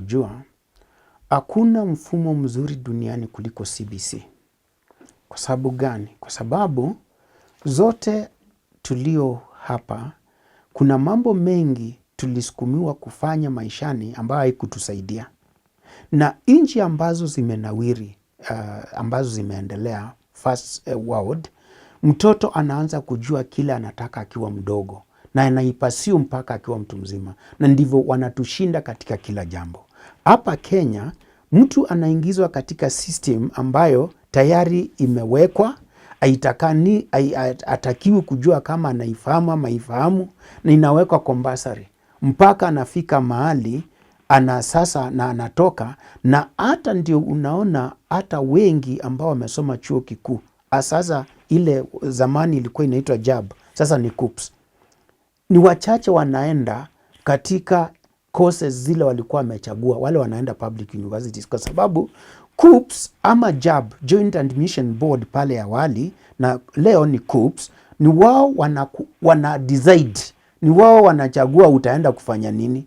Kujua, hakuna mfumo mzuri duniani kuliko CBC. Kwa sababu gani? Kwa sababu zote tulio hapa, kuna mambo mengi tulisukumiwa kufanya maishani ambayo haikutusaidia. Na nchi ambazo zimenawiri, uh, ambazo zimeendelea, first eh, world, mtoto anaanza kujua kile anataka akiwa mdogo na anaipasiu mpaka akiwa mtu mzima. Na ndivyo wanatushinda katika kila jambo. Hapa Kenya mtu anaingizwa katika system ambayo tayari imewekwa, haitakani atakiwi kujua kama anaifahamu ama haifahamu, na inawekwa compulsory mpaka anafika mahali ana sasa na anatoka, na hata ndio unaona hata wengi ambao wamesoma chuo kikuu ah, sasa, ile zamani ilikuwa inaitwa JAB, sasa ni KUPS, ni wachache wanaenda katika courses zile walikuwa wamechagua wale wanaenda public universities, kwa sababu KUCCPS ama JAB, Joint Admission Board pale awali na leo ni KUCCPS, ni wao wana, wana decide, ni wao wanachagua utaenda kufanya nini,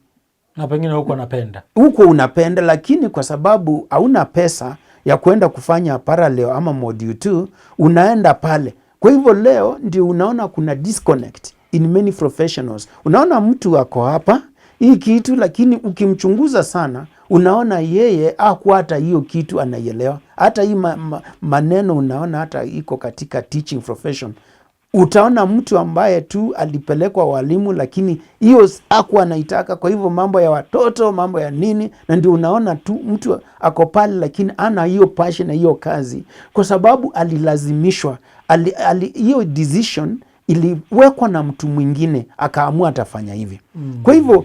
na pengine huko unapenda huko unapenda, lakini kwa sababu hauna pesa ya kwenda kufanya parallel ama module 2 unaenda pale. Kwa hivyo leo ndio unaona kuna disconnect in many professionals. Unaona mtu ako hapa hii kitu, lakini ukimchunguza sana unaona yeye aku hata hiyo kitu anaielewa. Hata hii ma, ma, maneno unaona hata iko katika teaching profession. Utaona mtu ambaye tu alipelekwa walimu, lakini hiyo aku anaitaka. Kwa hivyo mambo ya watoto, mambo ya nini, na ndio unaona tu mtu ako pale, lakini ana hiyo passion na hiyo kazi, kwa sababu alilazimishwa. Ali, ali, hiyo decision iliwekwa na mtu mwingine akaamua atafanya hivi. Mm. Kwa hivyo